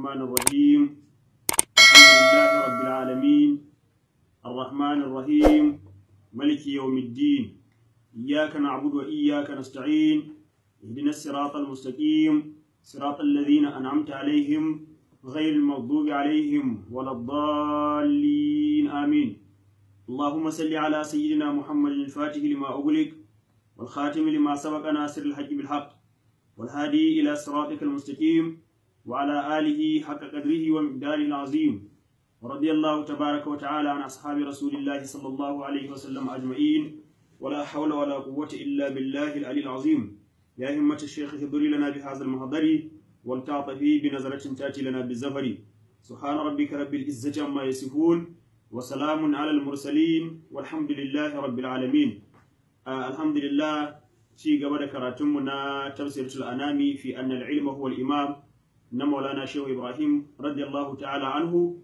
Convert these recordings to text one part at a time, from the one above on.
الرحمن الرحيم الحمد لله رب العالمين الرحمن الرحيم ملك يوم الدين إياك نعبد وإياك نستعين اهدنا الصراط المستقيم صراط الذين أنعمت عليهم غير المغضوب عليهم ولا الضالين آمين اللهم صل على سيدنا محمد الفاتح لما أغلق والخاتم لما سبق ناصر الحج بالحق والهادي إلى صراطك المستقيم وعلى آله حق قدره ومقداره العظيم ورضي الله تبارك وتعالى عن أصحاب رسول الله صلى الله عليه وسلم أجمعين ولا حول ولا قوة إلا بالله العلي العظيم يا همة الشيخ اهدري لنا بهذا المحضر والتعطفي بنظرة تأتي لنا بالزفر سبحان ربك رب العزة عما يصفون وسلام على المرسلين والحمد لله رب العالمين آه الحمد لله شيء قبل كراتمنا تفسير الأنامي في أن العلم هو الإمام na maulana shehu ibrahim radiyallahu ta'ala anhu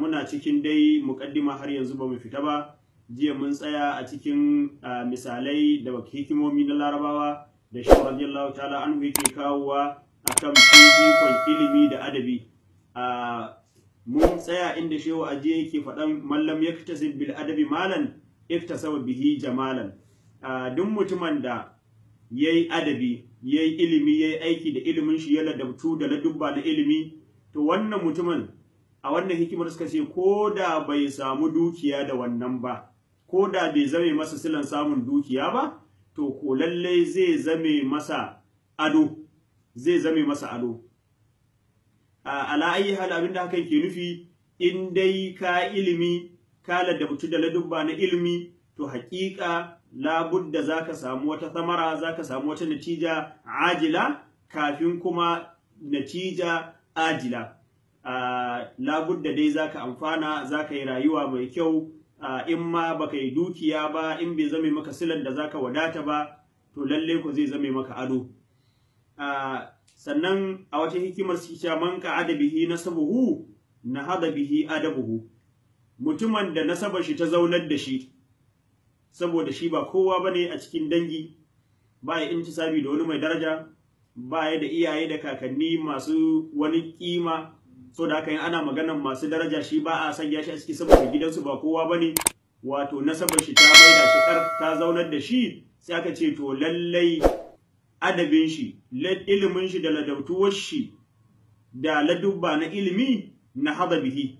muna cikin dai mukaddima har yanzu ba mu fita ba jiya mun tsaya a cikin misalai da hikimomi na larabawa da shehu radiyallahu ta'ala anhu yake kawowa akan fifikon ilimi da adabi mun tsaya inda shehu ajiya yake faɗan mallam ya fita bil adabi malan iktasaba bihi jamalan duk mutumin da yayi adabi ya yi ilimi ya yi aiki da ilimin shi ya ladabtu da ladubba na ilimi to wannan mutumin a wannan hikimar suka ce ko da bai samu dukiya da wannan ba ko da bai zame masa silan samun dukiya ba to ko lallai zai zame masa ado zai zame masa ado a ala'ayi hal abin da hakan ke nufi in dai ka ilimi ka ladabtu da ladubba na ilimi to hakika. labudda za ka samu wata samara, za ka samu wata natija ajila kafin kuma natija ajila labudda dai za ka amfana za ka yi rayuwa mai kyau in ma baka yi dukiya ba in bai zame maka silan da za ka wadata ba to lalle ku zai zame maka ado sannan a wata hikimar sha man ka'ada bihi nasabuhu na hada bihi adabuhu mutumin da nasabar shi ta zaunar da shi saboda shi ba kowa ba ne a cikin dangi ba ya intisabi da wani mai daraja ba ya da iyaye da kakanni masu wani kima so da haka yin ana magana masu daraja shi ba a sanya shi a ciki saboda gidansu ba kowa ba ne. wato nasabar shi ta maida shi kar ta zaunar da shi sai aka ce to lallai adabin shi ilimin shi da ladautuwar shi da ladubba na ilimi na hada bihi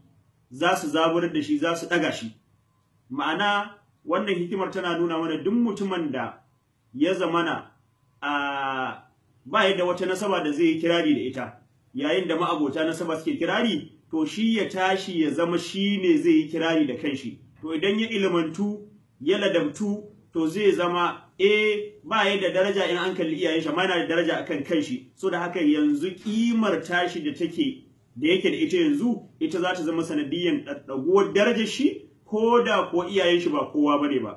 za su zaburar da shi za su daga shi ma'ana wannan hikimar tana nuna mana duk mutumin da ya zamana a ba yadda wata nasaba da zai yi kirari da ita yayin da ma'abota nasaba suke kirari to shi ya tashi ya zama shi ne zai yi kirari da kanshi to idan ya ilimantu ya ladabtu to zai zama eh ba yadda daraja in an kalli iyayen shi mana da daraja akan kanshi so da haka yanzu kimar tashi da take da yake da ita yanzu ita za ta zama sanadiyyan ɗaɗɗaguwar darajar shi ko da ko iyayen shi ba kowa bane ba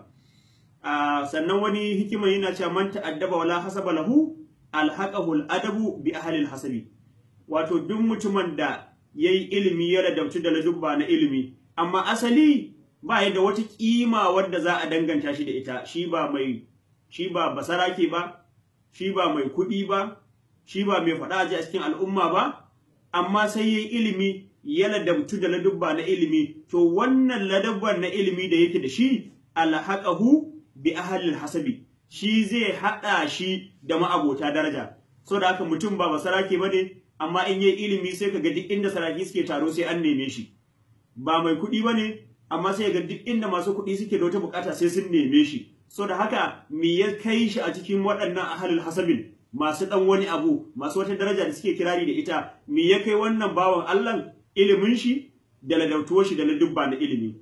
sannan wani hikima yana cewa man ta'addaba wala hasaba lahu alhaqahu aladabu bi ahli alhasabi wato duk mutumin da yayi ilimi ya ladabtu da lajubba na ilimi amma asali ba ya da wata kima wadda za a danganta shi da ita shi ba mai shi ba basarake ba shi ba mai kuɗi ba shi ba mai faɗa a cikin al'umma ba amma sai yayi ilimi ya ladabtu da ladabba na ilimi to wannan ladabban na ilimi da yake da shi alhaqahu bi ahlil hasabi shi zai hada shi da ma'abota daraja so da haka mutum ba basarake bane amma in yayi ilimi sai kaga duk inda saraki suke taro sai an neme shi ba mai kuɗi bane amma sai ga duk inda masu kuɗi suke da wata bukata sai sun neme shi so da haka me ya kai shi a cikin waɗannan ahlul hasabin masu dan wani abu masu wata daraja da suke kirari da ita me ya kai wannan bawan Allah ilimin shi da ladautuwar shi da ladubba na ilimi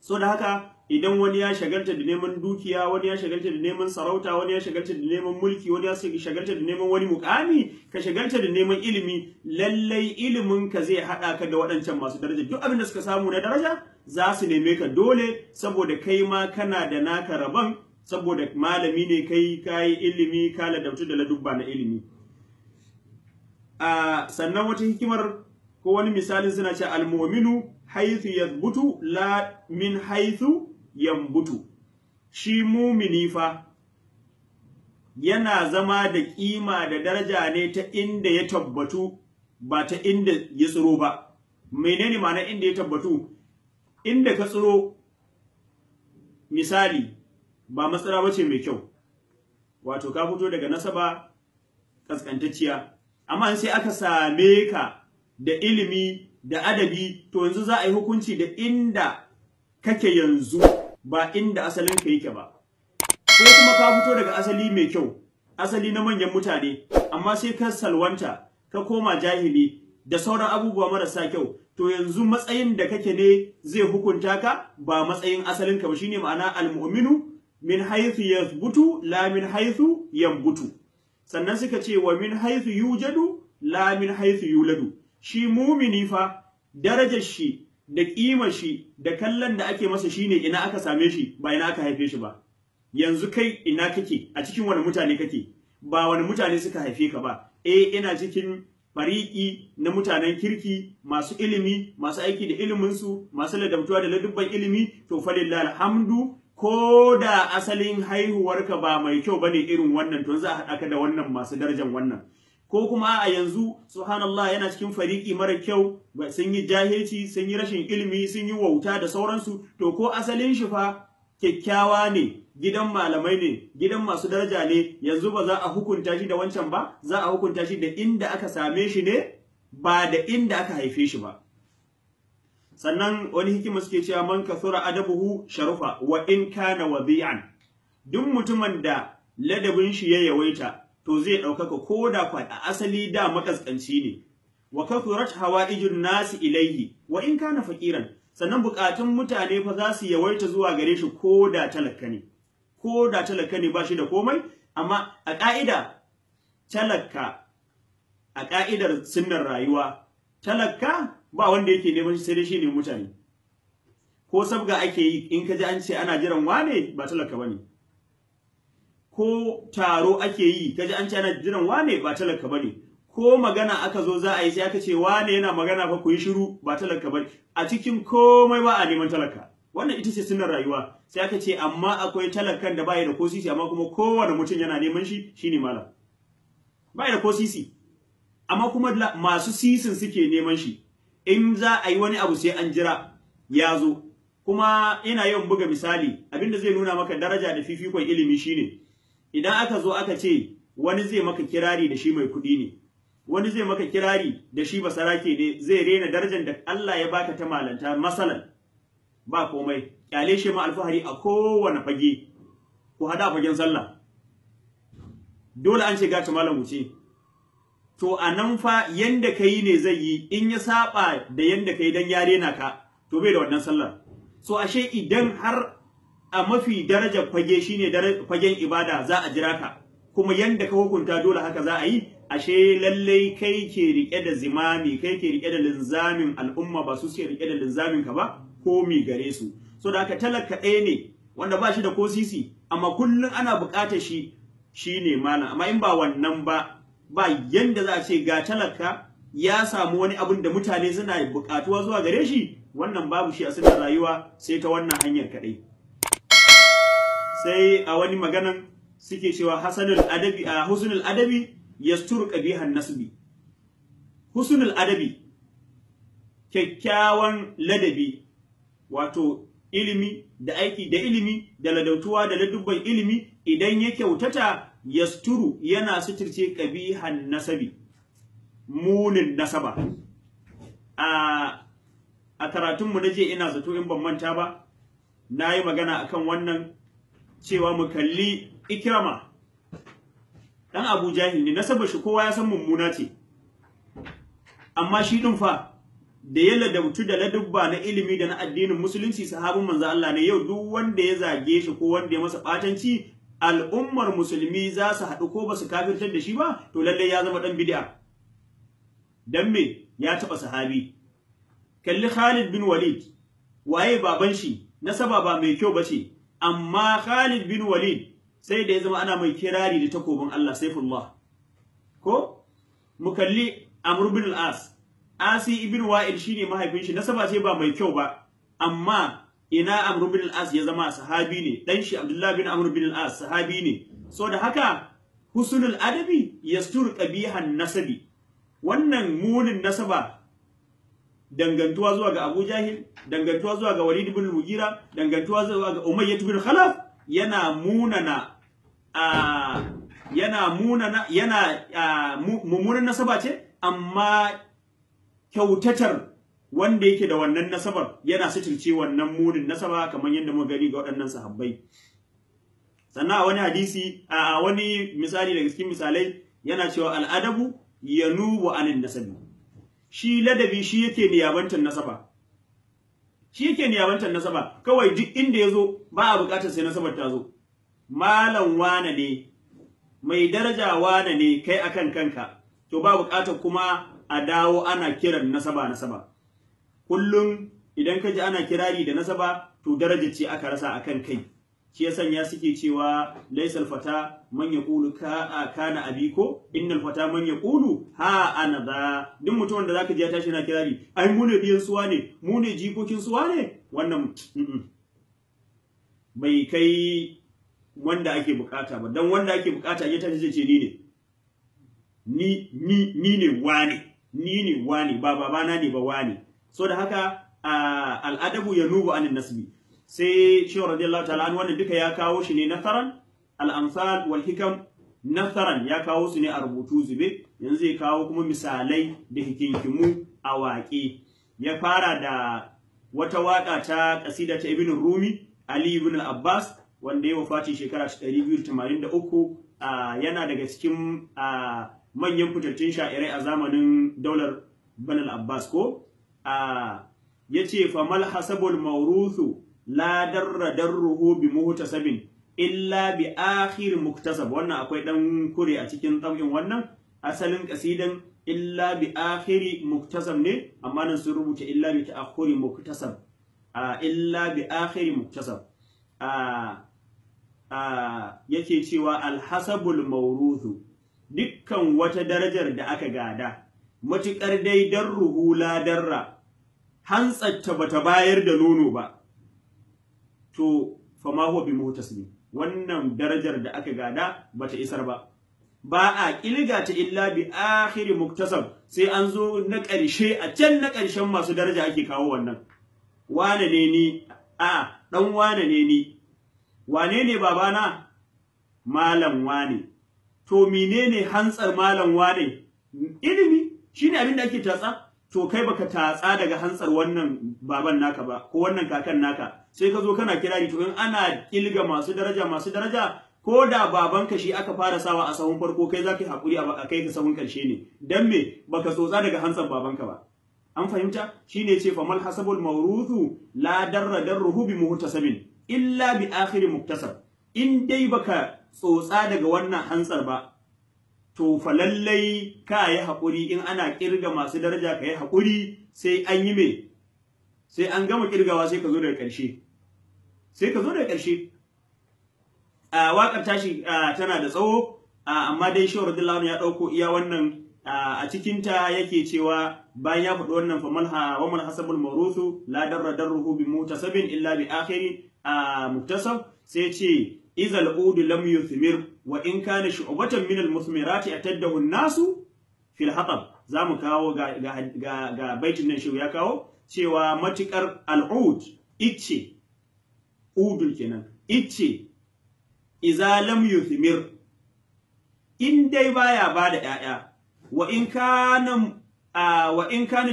so da haka idan wani ya shagalta da neman dukiya wani ya shagalta da neman sarauta wani ya shagalta da neman mulki wani ya shagalta da neman wani mukami ka shagalta da neman ilimi lallai ilimin ka zai hada ka da waɗancan masu daraja duk abin da suka samu na daraja za su neme ka dole saboda kai ma kana da naka rabon saboda malami ne kai kayi ilimi ka ladabtu da ladubba na ilimi A ah, sannan wata hikimar ko wani misalin suna ce almominu haithu butu, la min haithu butu. shi mumini fa yana zama da kima da daraja ne ta inda ya tabbatu ba ta inda ya tsoro ba menene ma'ana inda ya tabbatu inda ka tsoro, misali ba matsara bace mai kyau wato ka fito daga nasaba kaskantacciya amma sai aka same ka da ilimi da adabi to yanzu za a yi hukunci da inda kake yanzu ba inda asalin ka yake ba ko kuma ka fito daga asali mai kyau asali na manyan mutane amma sai ka salwanta ka koma jahili da sauran abubuwa marasa kyau to yanzu matsayin da kake ne zai hukunta ka ba matsayin asalin ka ba shine ma'ana almu'minu min haythu yathbutu la min haythu yambutu sannan suka ce wa min haythu yujadu la min haythu yuladu shi mumini fa darajar shi da ƙima shi da kallon da ake masa shine ina aka same shi ba ina aka haife shi ba yanzu kai ina kake a cikin wani mutane kake ba wani mutane suka haife ka ba eh ina cikin fariki na mutanen kirki masu ilimi masu aiki da iliminsu masu ladabtuwa da ladubban ilimi to fa alhamdu ko da asalin haihuwarka ba mai kyau bane irin wannan to za a haɗa ka da wannan masu darajar wannan ko kuma a yanzu subhanallah yana cikin fariki mara kyau sun yi jahilci sun yi rashin ilimi sun yi wauta da sauransu to ko asalin shi fa kyakkyawa ne gidan malamai ne gidan masu daraja ne yanzu ba za a hukunta shi da wancan ba za a hukunta shi da inda aka same shi ne ba da inda aka haife shi ba sannan wani hikima suke cewa man kasura adabuhu sharufa wa in kana wadi'an duk mutumin da ladabin shi ya yawaita to zai ɗaukaka ko da kwa a asali da makaskanci ne wa hawa hawaijun nasi ilaihi wa in kana faqiran sannan bukatun mutane fa za su yawaita zuwa gare shi ko da talaka ne ko da talaka ne ba shi da komai amma a ƙa'ida talaka a ƙa'idar sunnar rayuwa talaka ba wanda yake neman shi sai dai ne mutane ko sabga ake yi in ka ji an ce ana jiran wane ba talaka bane ko taro ake yi kaji an ce ana jiran wane ba talaka bane ko magana aka zo za a yi sai aka ce wane yana magana fa ku yi shiru ba talaka bane a cikin komai ba a neman talaka wannan ita ce sunan rayuwa sai aka ce amma akwai talakan da bai da ko sisi amma kuma kowane mutum yana neman shi shine malam bai da ko sisi amma kuma masu sisin suke neman shi in za a yi wani abu sai an jira ya zo kuma ina yawan buga misali abinda zai nuna maka daraja da fifikon ilimi shine idan aka zo aka ce wani zai maka kirari da shi mai kuɗi ne wani zai maka kirari da shi basarake ne zai rena darajar da Allah ya baka ta malanta masalan ba komai kyale shi ma alfahari a kowane fage ku hada fagen sallah dole an ce gata malam wuce to a nan fa yanda kai ne zai yi in ya saba da yanda kai dan ya rena ka to bai da wannan sallar so ashe idan har a mafi darajar fage shine fagen ibada za a jira ka kuma yadda ka hukunta dole haka za a yi ashe lallai kai ke riƙe da zimami kai ke rike da linzamin al'umma ba su suke rike da linzamin ka ba ko mi gare su so da haka talaka ɗaya ne wanda ba shi da ko sisi amma kullum ana buƙatar shi shine malam amma in ba wannan ba ba yadda za a ce ga talaka ya samu wani abin da mutane suna buƙatuwa zuwa gare shi wannan babu shi a suna rayuwa sai ta wannan hanyar kaɗai sai a wani maganan suke cewa hasanul adabi a husnul adabi yasturu qabihan nasbi husnul adabi kyakkyawan ladabi wato ilimi da aiki da ilimi da ladautuwa da ladubban ilimi idan ya kyautata yasturu yana suturce qabihan nasabi munin nasaba a a karatunmu na je ina zato in ban manta ba na yi magana akan wannan cewa mu kalli ikrama dan abu jahil ne nasabar shi kowa ya san mummuna ce amma shi din fa da ya mutu da ladubba na ilimi da na addinin musulunci sahabin manzo Allah ne yau duk wanda ya zage shi ko wanda ya masa ɓatanci, al'ummar musulmi za su haɗu ko ba su kafirtar da shi ba to lallai ya zama ɗan bid'a dan me ya taɓa sahabi kalli Khalid bin Walid waye baban shi nasaba ba mai kyau ba ce? amma Khalid bin Walid sai da ya zama ana mai kirari da takobin Allah saifullah ko mukalli Amr bin al-As Asi ibn Wa'il shine mahaifin shi nasaba sai ba mai kyau ba amma ina Amr bin al-As ya zama sahabi ne dan shi Abdullah bin Amr bin al-As sahabi ne so da haka husnul adabi yastur qabihan nasabi wannan munin nasaba dangantuwa zuwa ga Abu Jahil dangantuwa zuwa ga Walid ibn Mughira dangantuwa zuwa ga Umayyah ibn Khalaf yana munana a yana munana yana mummunan nasaba ce amma kyautatar wanda yake da wannan nasabar yana sitirce wannan munin nasaba kamar yadda muka gani ga waɗannan sahabbai sannan a wani hadisi a wani misali daga cikin misalai yana cewa al'adabu yanubu anin nasabi shi ladabi shi yake niyabantar nasaba shi yake niyabantar nasaba kawai duk inda yazo ba a buƙatar sai nasabar ta zo malam wane ne mai daraja wane ne kai akan kanka to ba buƙatar kuma a dawo ana kiran nasaba nasaba kullum idan ka ji ana kirari da nasaba to daraja ce aka rasa akan kai shi yasan ya suke cewa laisal fata man kulu ka a kana abiko innal fata man kulu ha ana da duk mutumin da zaka ji ya tashi na kirari ai mu ne biyan suwa ne mu ne jikokin suwa ne wannan bai kai wanda ake bukata ba dan wanda ake bukata ya tashi zai ce ni ne ni ni ni ne wani ni ne wani ba na ne ba wani so da haka al'adabu ya anin nasbi sai shehu radiyallahu ta'ala an wannan duka ya kawo shi ne nasaran al wal hikam nasaran ya kawo su ne a rubutu zube yanzu ya kawo kuma misalai da hikinkimu a waƙe ya fara da wata waƙa ta ƙasida ta ibn rumi ali ibn abbas wanda ya wafaci shekara 283 yana daga cikin manyan fitattun sha'irai a zamanin daular banal abbas ko ya ce famal hasabul mawruthu la darra darruhu bi muhtasabin illa bi akhir muktasab wannan akwai dan kure a cikin tsabin wannan asalin kasidan illa bi akhiri muktasab ne amma nan sun rubuta illa bi ta'akhuri muktasab illa bi akhiri muktasab yake cewa alhasabul mawruthu dukkan wata darajar da aka gada matuƙar dai darruhu la darra hantsatta bata bayar da nono ba to fama huwa bi muhtasib wannan darajar da aka gada bata isar ba ba a kilga ta illa bi akhiri muktasab sai an zo na ƙarshe a can na ƙarshen masu daraja ake kawo wannan wane ne ni a dan wane ne ni wane ne babana malam wane to menene hantsar malam wane ilimi shine abin da ake tatsa to kai baka tatsa daga hantsar wannan baban naka ba ko wannan kakan naka sai ka zo kana kira kirari to in ana kilga masu daraja masu daraja ko da babanka shi aka fara sawa a sahun farko kai zaka yi hakuri a kai ka sahun karshe ne dan me baka tsotsa daga hantsar babanka ba an fahimta shine ce mal hasabul mawruthu la darra darruhu bi muhtasabin illa bi akhir muktasab in dai baka tsotsa daga wannan hantsar ba to fa lallai ka yi hakuri in ana ƙirga masu daraja ka yi haƙuri sai an yi me sai an gama ƙirgawa sai ka zo daga ƙarshe sai ka zo daga ƙarshe a waƙar tashi tana da tsawo amma dai shehu radiyallahu ya ɗauko iya wannan a cikinta yake cewa bayan ya faɗi wannan faman wa man hasabul mawrusu la darra darruhu bi mutasabin illa bi akhiri muktasab sai ce idza al-udu lam wa in kana shu'batan min al-muthmirati atadahu nasu fil hatab zamu kawo ga baitin nan shehu ya kawo cewa matuƙar al-ud icce udul kenan in dai baya bada ƴaƴa wa in kana wa in kana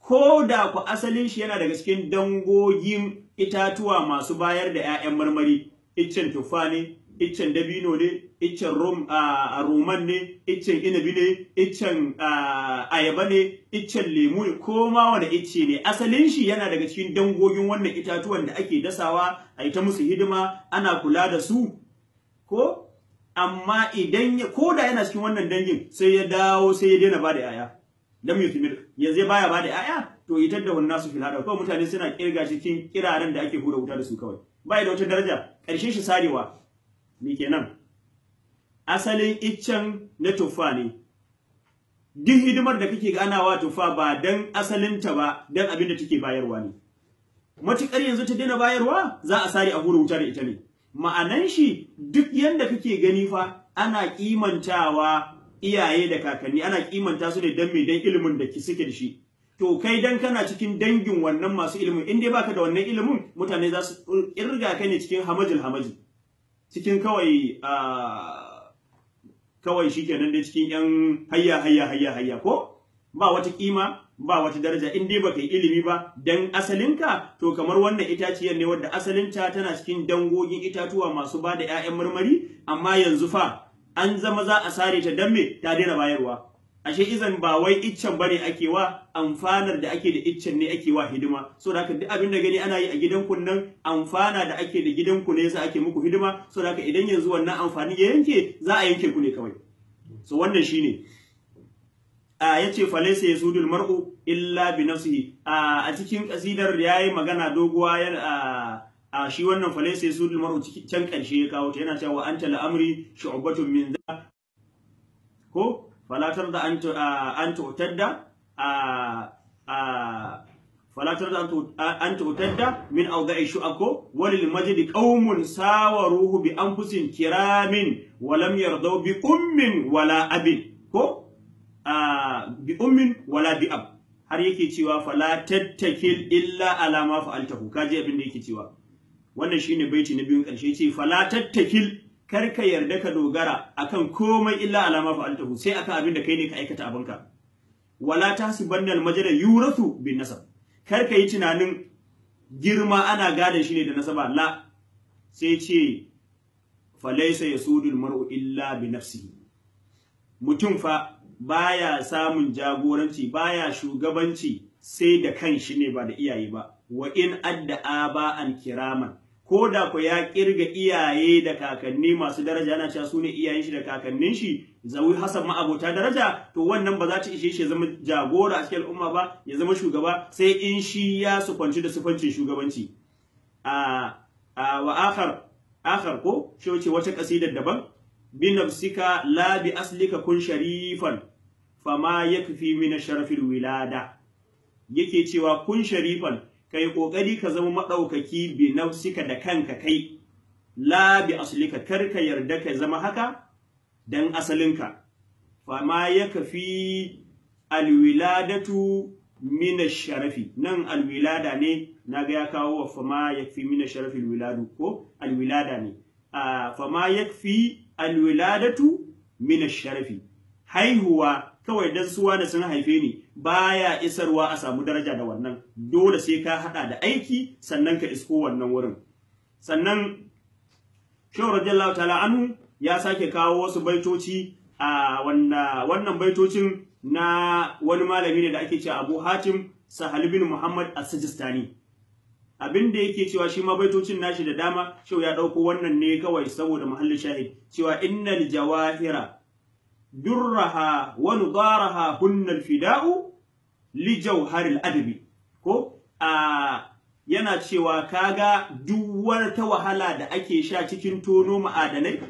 ko da ku asalin shi yana daga cikin dangogin itatuwa masu bayar da 'ya'yan marmari iccen tuffa ne iccen dabino ne iccen roman ne iccen inabi ne iccen ayaba ne iccen lemu ne ko ma wani icce ne asalin shi yana daga cikin dangogin wannan itatuwan da ake dasawa a ita musu hidima ana kula da su ko amma idan ya ko da yana cikin wannan dangin sai ya dawo sai ya daina ba da 'ya'ya su yuthmir yanzu baya ba da ƴaƴa to itar da wannan nasu filada kawai mutane suna kirga cikin kiraren da ake hura wuta da su kawai Ba da wata daraja ƙarshen shi sarewa me kenan asalin iccen na tuffa ne duk hidimar da kake ganawa tuffa ba dan asalinta ba don abin da take bayarwa ne matukar yanzu ta daina bayarwa za a sare a hura wuta da ita ne ma'anan shi duk yanda kake gani fa ana kimantawa iyaye da kakanni ana kimanta su ne dan me dan ilimin da ki suke da shi to kai dan kana cikin dangin wannan masu ilimin in dai baka da wannan ilimin mutane za su kirga ka ne cikin hamajil hamajil cikin kawai kawai shikenan dai cikin yan hayya hayya hayya hayya ko ba wata kima ba wata daraja in dai baka yi ilimi ba dan asalinka to kamar wannan itaciyar ne wadda asalinta tana cikin dangogin itatuwa masu ba da ƴaƴan marmari amma yanzu fa an zama za a sare ta dan me ta daina bayarwa ashe izan ba wai iccen bane ake wa amfanar da ake da iccen ne ake wa hidima so da duk abin da gani ana yi a gidanku nan amfana da ake da gidanku ne yasa ake muku hidima so da idan yanzu wannan amfani ya yanke za a yanke ku ne kawai so wannan shine a yace falaysa yasudul mar'u illa bi nafsihi a cikin kasidar yayi magana doguwa yana a shi wannan falaisa yasul mar'u can ƙarshe ya kawo ta yana cewa wa anta la'amri shu'batun min za ko falatar da an anta utadda a a fala tarda anta utadda min awda'i ako walil majdi qaumun sawaruhu bi anfusin kiramin wa lam yardaw bi ummin wala abin ko a bi ummin wala bi ab har yake cewa fala tattakil illa ala ma fa'altahu kaji abin da yake cewa wannan shine baiti na biyun karshe yace fala tattakil karka yarda ka dogara akan komai illa alama fa'altahu sai akan abin da kai ne ka aikata ka wala tasibanna almajra yurathu bin nasab karka yi tunanin girma ana gadon shi ne da nasaba la sai ce falaisa yasudul mar'u illa bi nafsihi mutum fa baya samun jagoranci baya shugabanci sai da kan shi ne ba da iyaye ba wa in adda aba an kiraman ko da ku ya kirga iyaye da kakanni masu daraja yana cewa sune iyayen shi da kakannin shi zawi hasan ma abota daraja to wannan ba za ta ishe shi ya zama jagora a cikin al'umma ba ya zama shugaba sai in shi ya sufanci da sufancin shugabanci a a wa akhar akhar ko shi wace wata kasidar daban bi nafsika la bi aslika kun sharifan fama yakfi min sharafil wilada yake cewa kun sharifan kai ƙoƙari ka zama maɗaukaki bi nafsika da kanka kai la bi aslika kar ka yarda ka zama haka dan asalinka fa ma yakfi alwiladatu min sharafi nan alwilada ne naga ya kawo wa fa ma yakfi min sharafi alwiladu ko alwilada ne fa ma alwiladatu min sharafi haihuwa kawai dan suwa da sun haife ni baya isarwa a samu daraja da wannan dole sai ka hada da aiki sannan ka isko wannan wurin sannan shehu radiyallahu ta'ala anhu ya sake kawo wasu baitoci a wannan baitocin na wani malami ne da ake cewa Abu Hatim Sahal bin Muhammad As-Sijistani abin da yake cewa shi ma baitocin nashi da dama shehu ya dauko wannan ne kawai saboda muhallin shahid cewa innal jawahira durraha wa nudaraha hunnal fidau li jawharil adabi ko a yana cewa kaga duk wata wahala da ake sha cikin tono ma'adanai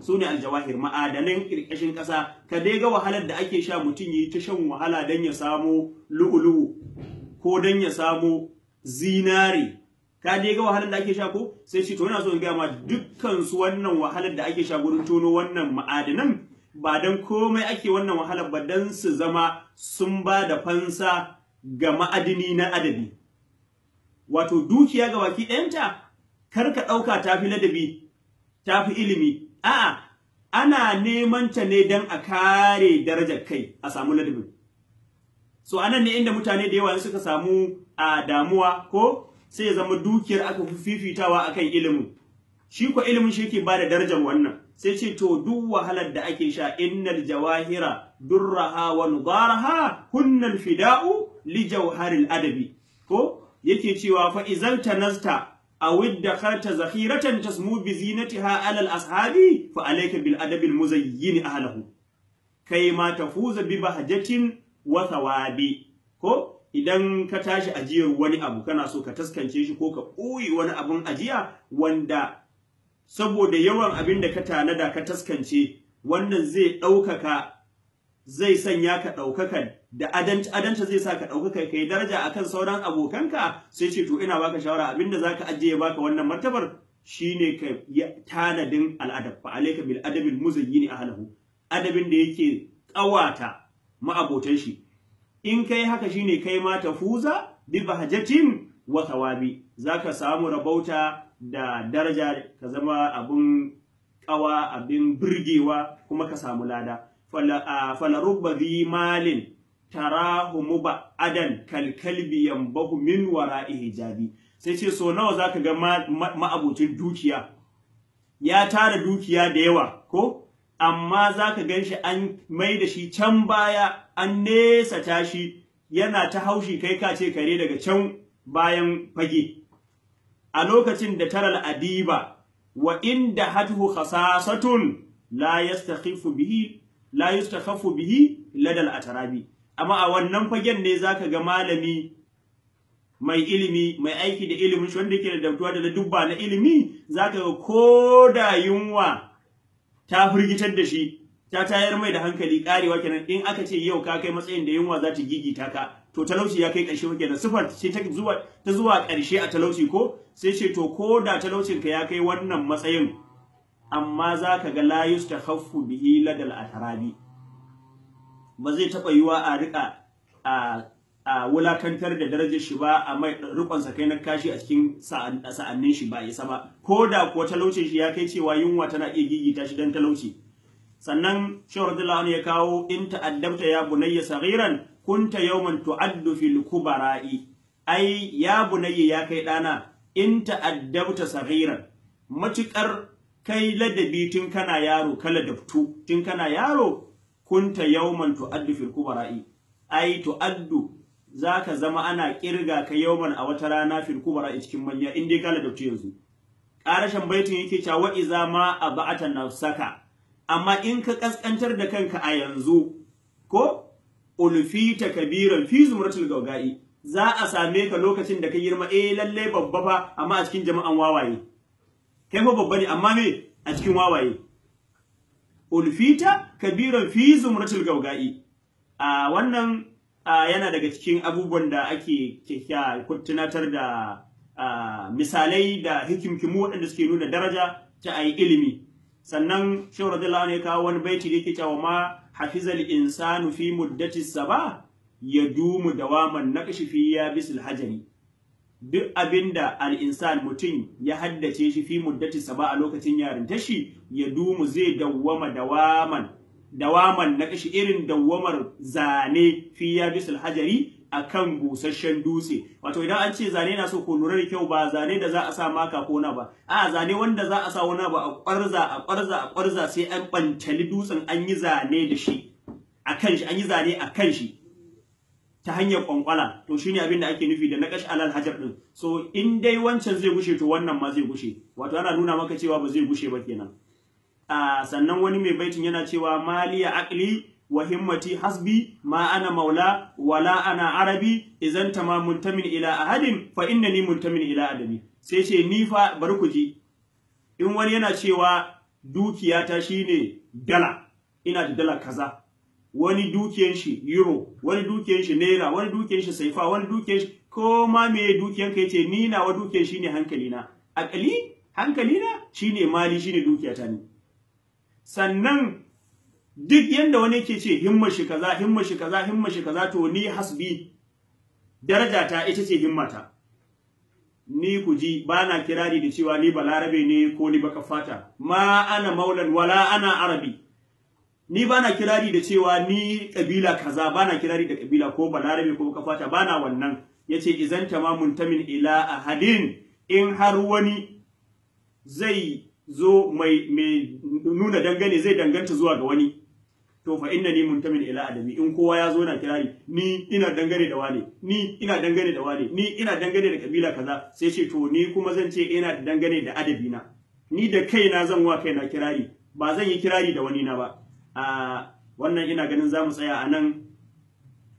su ne aljawahir ma'adanan kirkashin ƙasa ka dai ga wahalar da ake sha mutum yi ta shan wahala don ya samo lu'ulu'u ko don ya samo zinare ka dai ga wahalar da ake sha ko sai ce to yana so in gaya ma dukkan su wannan wahalar da ake sha gurin tono wannan ma'adanan ba don komai ake wannan wahalar ba don su zama sun ba da fansa ga ma'adini na adabi wato dukiya ga waki ɗayanta kar ka ɗauka ta fi ladabi ta fi ilimi a'a ana neman ta ne don a kare darajar kai a samu ladabi. so anan ne inda mutane da yawa suka samu a damuwa ko sai ya zama dukiyar aka fifitawa akan ilimin shi ko ilimin shi yake ba da darajar wannan sai ce to duk wahalar da ake sha innal jawahira durraha wa nudaraha hunnal fida'u li jawharil adabi ko yake cewa fa izal tanasta aw idkhalta zakhiratan tasmu bi zinatiha ala al ashabi fa alayka bil adabi al muzayyin ahlahu kai ma tafuza bi bahjatin wa thawabi ko idan ka tashi ajiyar wani abu kana so ka taskance shi ko ka koyi wani abun ajiya wanda saboda yawan abin da ka tanada ka taskance wannan zai ɗaukaka zai sanya ka ɗaukakan da adanta zai sa ka ɗaukaka kai daraja akan sauran abokanka sai ce to ina baka shawara Abin za ka ajiye baka wannan martabar shine ka tanadin al'adab fa adabin bil adabil a ahlahu adabin da yake ƙawata ma'abotan shi in kai haka shine kai ma tafuza bi Wata wa thawabi zaka samu rabauta da daraja ka zama abin kawa abin birgewa kuma ka samu lada falarubba zi malin tarahu muba'adan kalkalbi yambahu min wara'i jabi. sai ce so nawa za ka ga ma'abocin dukiya ya tara dukiya da yawa ko amma za zaka shi an mai da shi can baya an nesa tashi yana ta haushi kai ka ce kare daga can bayan fage a lokacin da tara al’adiba, wa inda hadhu khasasatun la yastakhifu bihi bihi ladal a tarabi. amma a wannan fagen ne zaka ga malami mai ilimi mai aiki da ilimin shi wanda ke da dabtuwa da dubba na ilimi Za ka ga ko da yunwa ta firgitar da shi ta tayar mai da hankali karewa kenan in aka ce yau ka kai matsayin da yunwa za ta gigita ka to talauci ya kai ƙarshe wake da sifar ta zuwa ta zuwa ƙarshe a talauci ko sai ce to ko da talaucin ka ya kai wannan matsayin amma za ka ga la bi bihi ladal atarabi ba zai taɓa yiwa a riƙa a a wulakantar da darajar shi ba a mai rukon sa kai na kashi a cikin sa'annin shi ba isa ba ko da kuwa talaucin shi ya kai cewa yunwa tana iya gigita shi dan talauci sannan shehu radiyallahu ya kawo in ta'addamta ya bunayya saghiran kunta yawman tu'addu fil kubara'i ai ya bunayya ya kai dana in ta'addabta saghiran matukar kai ladabi tun kana yaro kala daftu tun kana yaro kunta yawman tu'addu fil kubara'i ai tu'addu zaka zama ana kirga ka yawman a wata rana fil kubara'i cikin manya in dai kala daftu yanzu karashin baitin yake cewa wa iza ma abata nafsaka amma in ka kaskantar da kanka a yanzu ko ulfita kabiran fi zumratul za a same ka lokacin da ka girma eh lalle babba fa amma a cikin jama'an wawaye kai fa babba ne amma me a cikin wawaye ulfita kabiran fi zumratul a wannan yana daga cikin abubuwan da ake tunatar da misalai da hikimkimu waɗanda suke nuna daraja ta ayi ilimi sannan shehu radiyallahu anhu ya kawo wani baiti da yake cewa ma hafizal insanu fi muddati saba ya dumu dawaman naqshi fi yabisil hajari duk abinda al insan mutum ya haddace shi fi muddati saba a lokacin yarinta shi ya dumu zai dawwama dawaman dawaman irin dawwamar zane fi bisul hajari akan busasshen dutse wato idan an ce zane na so ko lura kyau ba zane da za a sa maka ko na ba a zane wanda za a sa wani ba a kwarza a kwarza a kwarza sai an ɓantali dutsen an yi zane da shi akan shi an yi zane akan shi ta hanyar kwankwala to shine abin da ake nufi da naqash alal hajar din so in dai wancan zai gushe to wannan ma zai gushe wato ana nuna maka cewa ba zai gushe ba kenan a sannan wani mai baitin yana cewa maliya aqli wa himmati hasbi ma ana maula wala ana arabi idan ma muntamin ila ahadin fa innani muntamin ila adami sai ce ni fa bar ku ji in wani yana cewa dukiyata shine dala ina da dala kaza wani dukiyan shi euro wani dukiyan shi naira wani dukiyan shi saifa wani dukiyan shi ko ma me dukiyan ka yace ni na nawa dukiyan shine hankali na akali hankali na shine mali shine dukiyata ne sannan duk yadda wani ke ce himma shi kaza himma shi kaza himma shi kaza to ni hasbi daraja ta ita ce himmata ni ku ji bana kirari da cewa ni balarabe ne ko ni baka fata ma ana maulan wala ana arabi ni bana kirari da cewa ni kabila kaza bana kirari da kabila ko balarabe ko baka fata bana wannan Ya yace idan tamamun tamin ila ahadin in har wani zai zo mai nuna dangane zai danganta zuwa ga wani to fa inna ni muntamin ila adami in kowa ya zo na kirari ni ina dangane da wane ni ina dangane da wane ni ina dangane da kabila kaza sai ce to ni kuma zan ce ina dangane da adabi na ni da kaina zan wa kaina kirari ba zan yi kirari da wani na ba a wannan ina ganin zamu tsaya a nan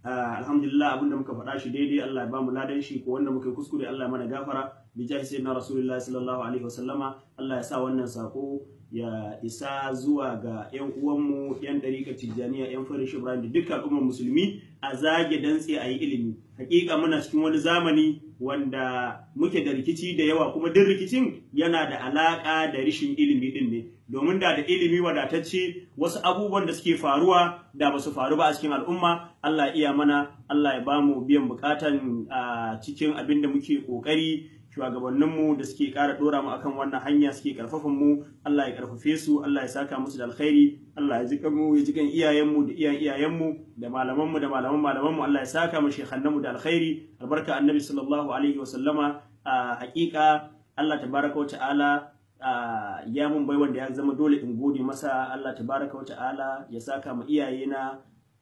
alhamdulillah abinda muka faɗa shi daidai Allah ya bamu ladan shi ko wanda muka kuskure Allah ya mana gafara bi sai na rasulullahi sallallahu alaihi wasallama Allah ya sa wannan sako ya isa zuwa ga 'yan uwanmu 'yan dariƙa tijjaniya 'yan farin shibran da dukkan al'ummar musulmi a zage dantse a yi ilimi hakika muna cikin wani zamani wanda muke da rikici da yawa kuma duk rikicin yana da alaƙa da rishin ilimi din ne domin da da ilimi wadatacce wasu abubuwan da suke faruwa da basu faru ba a cikin al'umma Allah iya mana Allah ya bamu biyan bukatan a cikin abin da muke ƙoƙari shugabanninmu da suke ƙara ɗora mu akan wannan hanya suke ƙarfafan mu Allah ya ƙarfafe su Allah ya saka musu da alkhairi Allah ya jikan mu ya jikan iyayenmu da iyayen iyayenmu da malamanmu da malaman malamanmu Allah ya saka mu shekhannanmu da alkhairi albarka annabi sallallahu alaihi wa sallama a haƙiƙa Allah tabaraka wa ta'ala ya mun bai wanda ya zama dole in gode masa Allah tabaraka wa ta'ala ya saka mu iyayena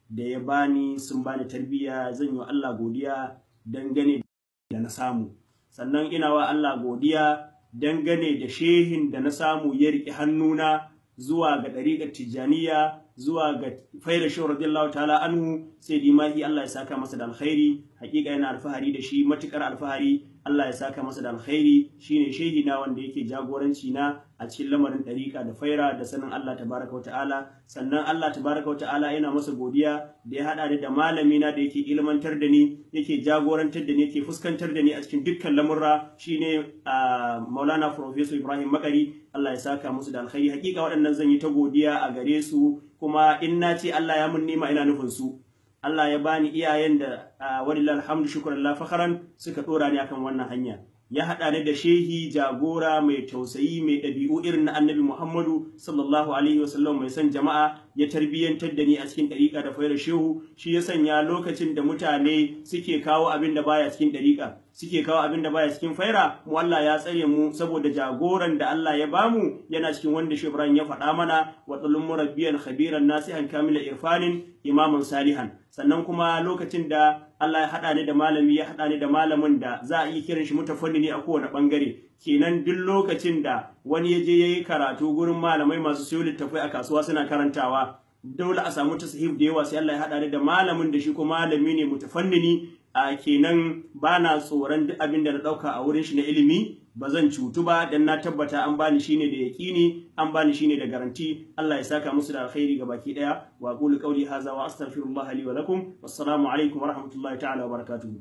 da ya bani sun bani tarbiyya zan yi wa Allah godiya dangane da na samu sannan ina wa Allah godiya dangane da shehin da na samu ya riƙe hannuna zuwa ga ɗariƙar tijjaniya zuwa ga faida shehu Allah ta'ala anhu sai dimahi Allah ya saka masa da alkhairi hakika yana alfahari da shi matukar alfahari Allah ya saka masa da alkhairi shine shehi na wanda yake jagoranci na a cikin lamarin ɗarika da faira da sanin Allah tabaraka wa ta'ala sannan Allah tabaraka wa ta'ala yana masa godiya da ya haɗa ni da malami na da yake ilmantar da ni yake jagorantar da ni yake fuskantar da ni a cikin dukkan lamurra shine Maulana Professor Ibrahim Makari Allah ya saka masa da alkhairi hakika waɗannan zan yi ta godiya a gare su kuma in na ce Allah ya mun nima ina nufin su Allah ya bani iyayen da ah, walilal alhamdu shukran la fakhran suka dora ni akan wannan hanya ya haɗa ni da shehi jagora mai tausayi mai ɗabi'u irin na annabi Muhammadu sallallahu alaihi wasallam mai son jama'a ya tarbiyyantar da ni a cikin ɗariƙa da fayar shehu shi ya sanya lokacin da mutane suke kawo abin da baya cikin ɗariƙa suke kawo abin da baya cikin faira mu Allah ya tsare mu saboda jagoran da Allah ya bamu yana cikin wanda Shehu Ibrahim ya faɗa mana wa tsalun murabbiyan khabiran nasihan kamila irfanin imaman salihan sannan kuma lokacin da Allah ya haɗa ni da malami ya haɗa ni da malamin da za a yi kiran shi ne a kowane ɓangare kenan duk lokacin da wani ya je ya yi karatu gurin malamai masu siyo littafai a kasuwa suna karantawa dole a samu tasahib da yawa sai Allah ya haɗa ni da malamin da shi ko malami ne ne a kenan ba na tsoron duk abin da na ɗauka a wurin shi na ilimi ba zan cutu ba dan na tabbata an bani shine da yaqini an bani shine da garanti Allah ya saka musu da alkhairi ga baki daya wa qulu qawli hadha wa astaghfirullah li wa lakum wassalamu alaikum wa rahmatullahi ta'ala wa barakatuh